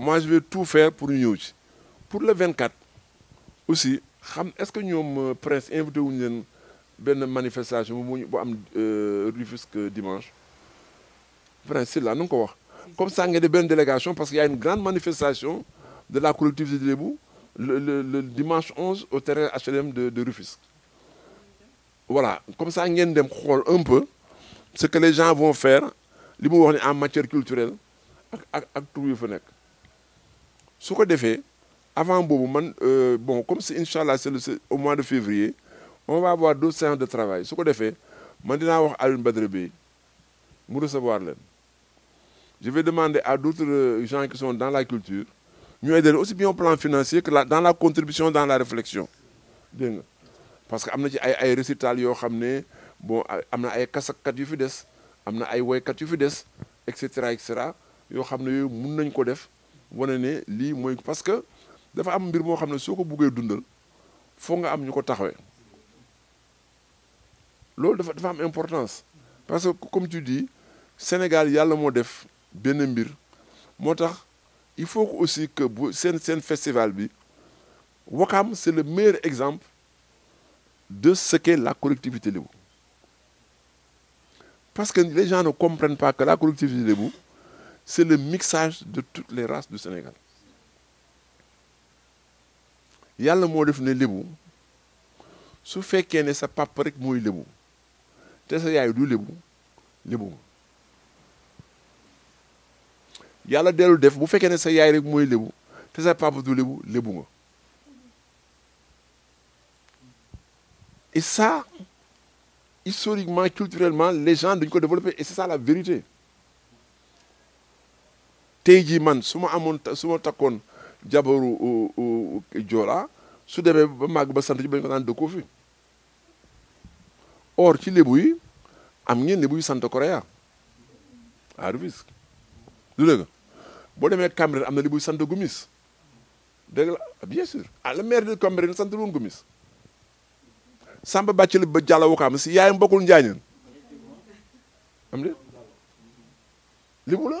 moi je vais tout faire pour nous pour le 24 aussi est-ce que nous sommes euh, invité à inviter une manifestation pour euh, Rufusque dimanche prince c'est là, comme ça a de une délégation parce qu'il y a une grande manifestation de la collectivité de Lébou le, dimanche 11 au terrain HLM de, de voilà comme ça nous dem a un peu ce que les gens vont faire en matière culturelle ak ak ak tur yu fa nek su ko avant bobu man euh, bon comme si inshallah c'est le au mois de février on va avoir deux séances de travail su ko defee man dina wax Alioune Badara bi mu recevoir len je vais demander à d'autres euh, gens qui sont dans la culture ñu aider aussi bien au plan financier que la dans la contribution dans la réflexion deng parce que amna ci ay ay récital yoo bon amna na ay kasakkat yu fi dess amna ay way kat yu fi dess et cetera et cetera yoo xam ne yooyu mun nañ ko def wane parce que dafa am mbir moo xam ne soo ko buggee dundal foog nga am ñu ko taxawee loolu dafa dafa am importance parce que comme tu dis Sénégal yàlla moo def benn mbir moo tax il faut aussi que bu seen festival bi Wakam c'est le meilleur exemple de ce qu'est la collectivité lébou parce que les gens ne comprennent pas que la collectivité lébou c'est le mixage de toutes les races du Sénégal yàlla moo def ne lébu su fekkee pas sa papa rek libou, lébu te sa yaay du lébu lébu nga le dellu def bu fekkee ne sa yaay rek mooy lébu te sa papa du lébu lébu et ça historiquement culturellement les gens dañu ko développé et c'est ça la vérité tey jii man su ma amoon su ma takkoon jabooru joola su demee ba màgg ba sant ji bañ ko naan dëkkoo fi or ci lébu yi am ngeen lébu yu sant korea à Rufisque du dëgg boo demee Cambérène am na lébu yu sant Gomis dëgg la bien sûr ah le maire de Cambérène sant woon Gomis Samba Bàccali ba Jàlla Wakaam si yaayam bokkul njaañeen am de lébu la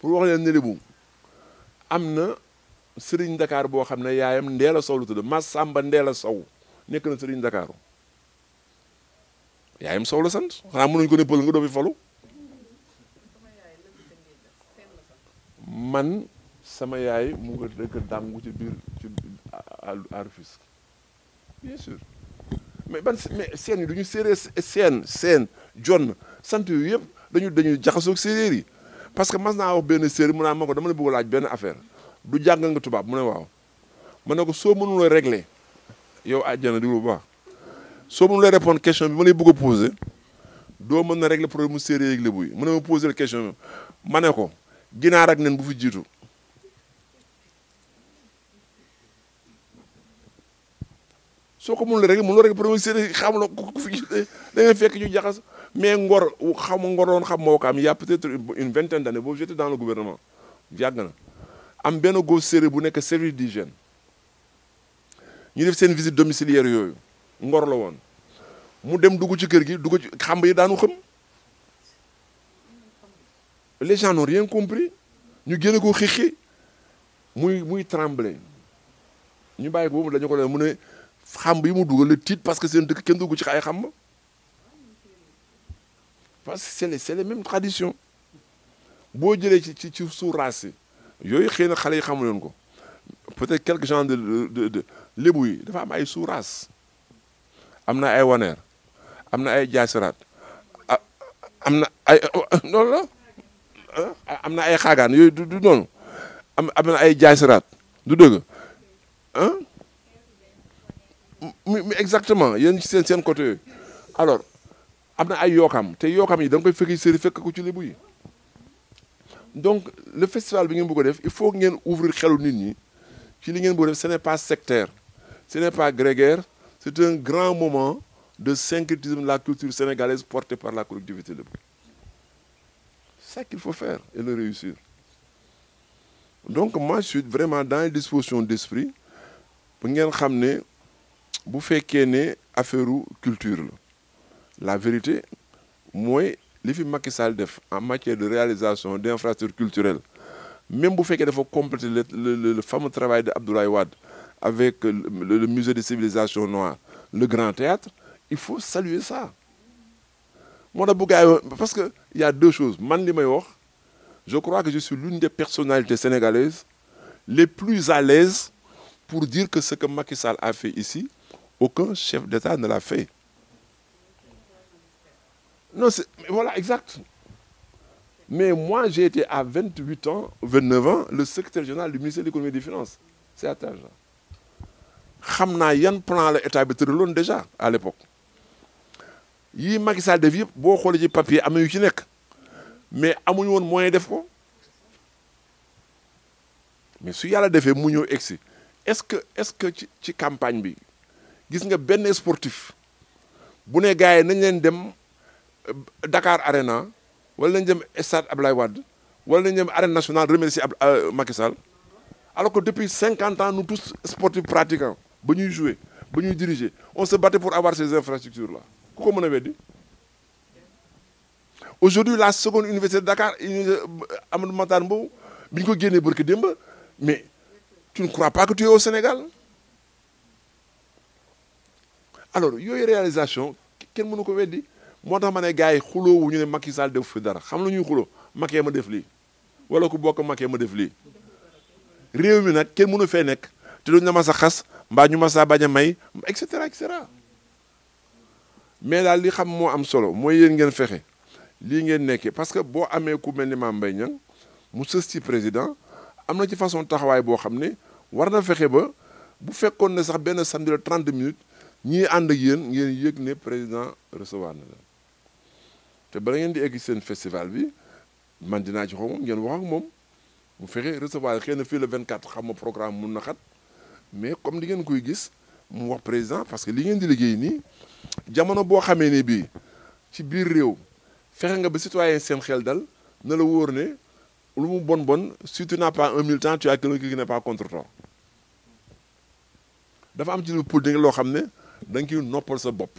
pour wax leen ne lébu am na sëriñ Dakar boo xam ne yaayam Ndéla Sow la tudd Massamba Ndéla saw nekk na sëriñ Dakar yaayam Sow la sant xanaa mënuñ ko ne pël nga doo fi falu man sama yaay mu nga dëkk dàngu ci biir ci Rufisque bien sûr mais ban mais seen yi du ñu seen seen jonn sant yooyu yëpp dañu dañu jaxasoo ak yi parce que mas naa wax benn séeréer mu naa ma ko dama la bëgg laaj benn affaire du jàng nga tubaab mu ne waaw ma ne ko soo mënuloo régler yow àjjana di lu baax soo mënuloo répondre question bi ma lay bëgg a poser doo mën na régler problème mu séeréer yeeg lébu yi mu ne ma question bi ne ko ginaar ak nen bu fi jiitu ko mënuloo régler mënuloo régler problème mu séeréer yi xamuloo ku fi da ngay fekk jaxas. mais ngor xam ma ngor doon xam moo ko am y' a peut-être une vingtaine d'années boobu j'étais dans le gouvernement yàgg na am ben go séré bu nek service d'hygiène ñu def sen visite domiciliaire yoyu. ngor la won. mu dem duggu ci kër gi duggu ci xam yi daanu xam les gens n'ont rien compris ñu génne ko xixi muy muy tremblé. ñu bàyyi ko mu dañ ko le mu ne xam yi mu duggal le titre parce que c'est seen dëkk kenn duggu ci ay xamb parce que c'est les les mêmes traditions Bo race, ci ci race sont peut-être quelques gens de de de sont yi dafa am ay race. ay race. ay des Amna ay ah, ay du du race. du ah? exactement y des une côté alors il y ay te yokam yi koy fekk fekk ko ci donc le festival bi ngeen il faut que ouvrir xelu nit ñi ci li ce n'est pas sectaire ce n'est pas grégaire c'est un grand moment de syncrétisme de la culture sénégalaise portée par la collectivité Bouy. c'est ça qu'il faut faire et le réussir donc moi je suis vraiment dans une disposition d'esprit pour que xam bu affaire culture la vérité moi, les films Macky en matière de réalisation d'infrastructures culturelles, même si qu'il faut compléter le fameux travail d'Abdoulaye avec le musée des civilisations noires le grand théâtre il faut saluer ça parce que y a deux choses je crois que je suis l'une des personnalités sénégalaises les plus à l'aise pour dire que ce que Macky Sall a fait ici aucun chef d'État ne l'a fait non, voilà, exact. Mais moi, j'ai été à 28 ans, 29 ans, le secrétaire général du ministère de l'économie et des finances. C'est à ça. Je sais plan l'État de déjà à l'époque. Il Macky Sall des yëpp boo xoolee des papier am yu ci a mais amuñu moyen def ko mais si il y mu ñëw egsi est-ce que est-ce que ci campagne bi gis nga un sportif bu ne gars nañ leen Dakar Arena wala nañ stade Ablaye Wade wala arène nationale remercier euh, Makassal. alors que depuis 50 ans nous tous sportifs pratiquants ba jouer ba diriger on se battait pour avoir ces infrastructures là Comment on avait dit aujourd'hui la seconde université de Dakar euh, Amadou Matar Mbou, ko mais tu ne crois pas que tu es au Sénégal alors une réalisation kenn mënu ko dit motax mané ma ne wu ñu né Macky Sall def fi dara xam lu ñuy xuloo Macky ma def li wala ku bokk Macky ma def li réew mi nak kenn mënu fee nek té duñ na mas a xas mbaa ñu mas a bañ may et cetera et cetera mais dal li xam mo am solo moy yeen ngeen fexé li ngeen nekkee parce que bo amé ku melni ni Mame Mbaye Niang mu sës ci président amna ci façon taxaway bo xamné war na fexé ba bu fekkoon ne sax ben samedi la 30 minutes ñi and ak yeen ngeen yëg ne président recevoir na la te bala ngeen di egg seen festival bi man dinaa ci xaw moom ngeen wax ak moom mu fexe recevoir xëy na fii le 24 xam nga programme mun na xat mais comme di ngeen koy gis mu wax président parce que li ngeen di liggéey nii jamono boo xamee ne bii ci biir réew fexe nga ba citoyen seen xel dal na la wóor ne lu mu bon bon si tu n'as pas un militant tu as quelqu'un qui n'est pas contre toi dafa am ci lu politique loo xam ne da nga noppal sa bopp.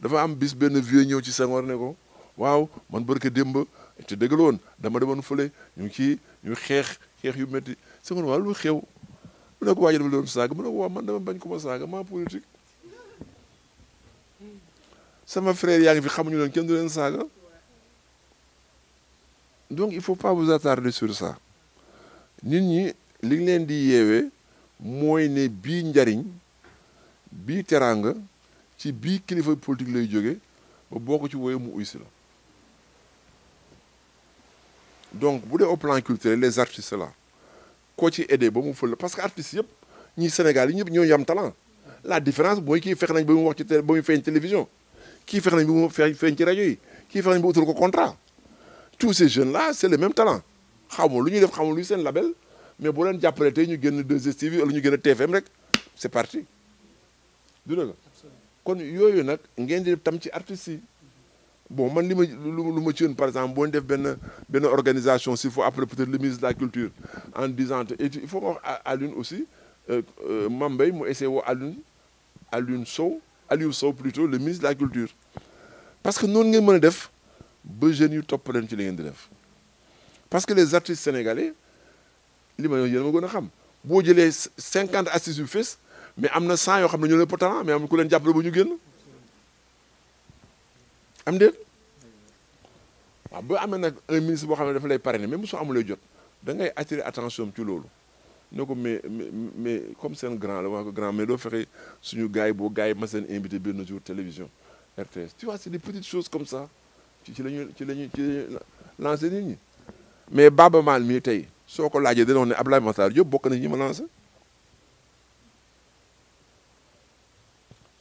dafa am bis benn vieux ñëw ci sangor ne ko waaw man barke démb ci dëgg la woon dama demoon fële ñu ci ñu xeex xeex yu metti sangor waaw lu xew mu ne ko waa ji dafa doon saaga mu ne ko waaw man dama bañ ko ma saaga ma politique sama frère yaa ngi fi xamuñu leen kenn du leen saaga donc il faut pas vous attarder sur ça nit ñi li ñu leen di yeewee mooy ne bii njariñ bii teraanga ci bi kilifa politique lay jógee ba boo ko ci woyee mu uy si la donc bu dee au plan culturel les artistes là koo ci aider ba mu fël parce que artistes yëpp ñi Sénégal yi ñëpp ñoo yam talent la différence mooy kii fexe nañ ba mu wax ci télé ba mu feeñ télévision kii fexe nañ ba mu feeñ ci rajo yi kii fexe nañ ba utal ko contrat tous ces jeunes là c' est le même talent xaw lu ñuy def xaw ma lu seen label mais bu leen jàppale tey ñu génn 2STV wala ñu génn TFM rek c' est parti du dëgg kon yooyu nag ngeen di tam ci artistes yi bon man li ma lu ma ci par exemple boo def benn benn organisation s'il faut appeler peut-être le ministre de la culture en disant et il faut nga wax aussi euh, euh, Mambay mu essayé woo Alioune Alioune Sow Aliou Sow plutôt le ministre de la culture parce que noonu ngeen mën a def ba jeunes yu topp leen ci li ngeen di def parce que les artistes sénégalais li ma yéen ma gën a xam boo jëlee cinquante artistes yu fees mais y sang yo yoo qui ñoo mais am ku leen jappal bu ñu am wa bu un ministre bo parrainer même jot da ngay attirer attention ci lolu mais mais comme un grand grand mais le suñu gaay bo gaay ma invité télévision RTS tu vois c'est des petites choses comme ça ci lañu mais baba mal mi tay soko na ñi ma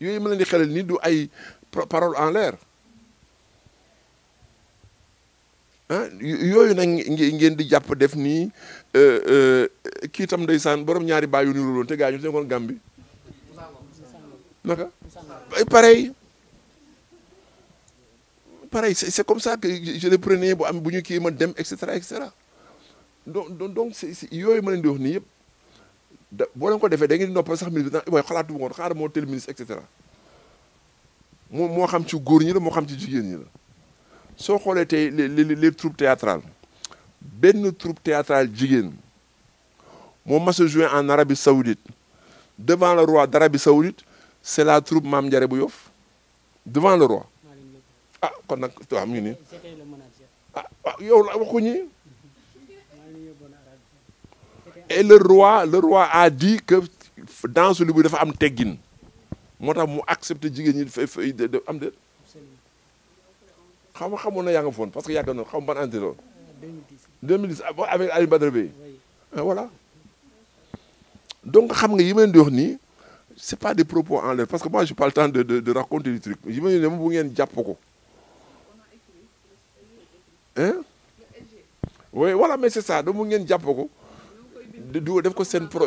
yooyu ma leen di xelal ni du ay parole en l'air ah yooyu nag ngeen di jàpp def nii euh, euh, kii itam ndeysaan borom ñaari baay yu niru loon te gaa ñu nekkoon gambi naka pareil pareil c'est comme ça que je le prenais bu am bu ñu kii ma dem et cetera et cetera donc donc yooyu ma leen di wax ni yëpp da boo leen ko defee da ngeen di noppal sax ministre bi waaye xalaatu woon xaaral moo tel ministre et cetera moo moo xam ci góor ñi la moo xam ci jigéen ñi la soo xoolee tey les les troupes théâtrales benn troupe théâtrale jigéen moo mas a joué en Arabie Saoudite devant le roi d'Arabie Saoudite c'est la troupe Maam Ndiare bu Yoff devant le roi ah kon nag waaw mu ngi nii ah yow la waxuñu et le roi le roi a dit que dans ce livre il dafa am teggin moo mu accepté de ñi fay fay am de xam nga ya nga fon parce que yàgg na xam ban année 2010 ah, avec Ali Badara ah, voilà donc xam nga yi ma ni c'est pas des propos en l'air parce que moi j'ai pas le temps de de raconter des trucs que ma leen di bu ngeen jàpp ko hein oui voilà mais c'est ça donc vous ngeen pas ko de def ko un pro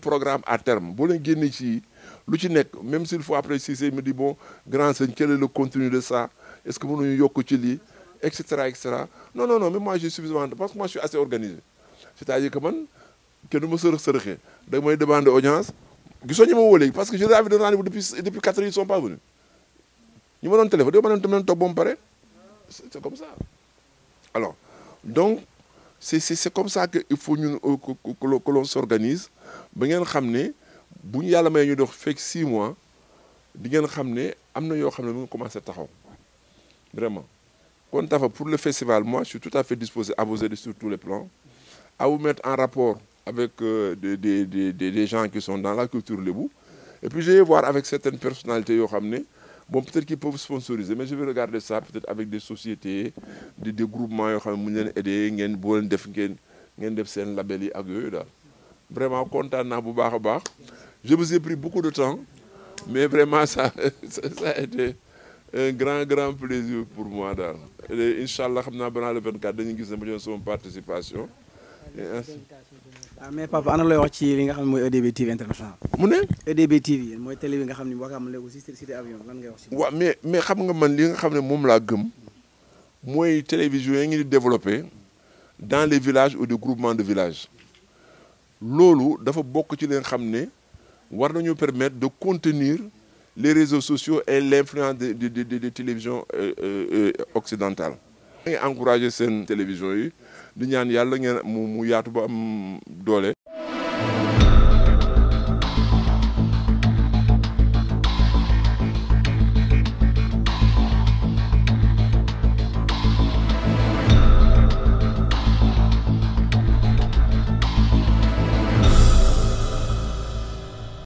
programme à terme bo les génnee ci lu ci même s'il faut après il me dit bon grand sëñ quel est le contenu de ça est-ce que vous yokk ci li Etc. non non non mais moi j'ai suffisamment parce que moi je suis assez organisé c'est-à-dire que man que nous me se demande da may demander audience gisoo ñu ma wolé parce que je les de rendez-vous depuis depuis 4 heures ils sont pas venus ñu ma un téléphone ils ma un téléphone ba c'est comme ça alors donc c'est comme ça que faut euh, que l'on s'organise ba ngeen xam ne bu six mois di ngeen il y a des commencé taxaw vraiment pour le festival moi je suis tout à fait disposé à vous aider sur tous les plans à vous mettre en rapport avec euh, des des des des gens qui sont dans la culture lébu et puis je vais voir avec certaines personnalités yoo xam Bon, peut-être qu'ils peuvent sponsoriser, mais je vais regarder ça peut-être avec des sociétés, des, groupements qui peuvent aider, qui peuvent faire un label avec Vraiment content de vous Je vous ai pris beaucoup de temps, mais vraiment ça, ça, a été un grand, grand plaisir pour moi. Inch'Allah, le 24, nous avons votre participation. Ah, mais papa ana lay wax ci li nga xam ne EDB TV international. mu ne. EDB TV moy télé bi nga xam ne am avion ngay wax mais mais xam nga man li nga xam mom la gëm moy télévision yi ngi di dans les villages ou des groupements de villages lolu dafa bok ci leen xam ne war permettre de contenir les réseaux sociaux et l'influence des de télévision télévisions euh, euh, euh, occidentales. et ngay encourager télévision yi. di ñaan yàlla ngeen mu mu yaatu ba am doole.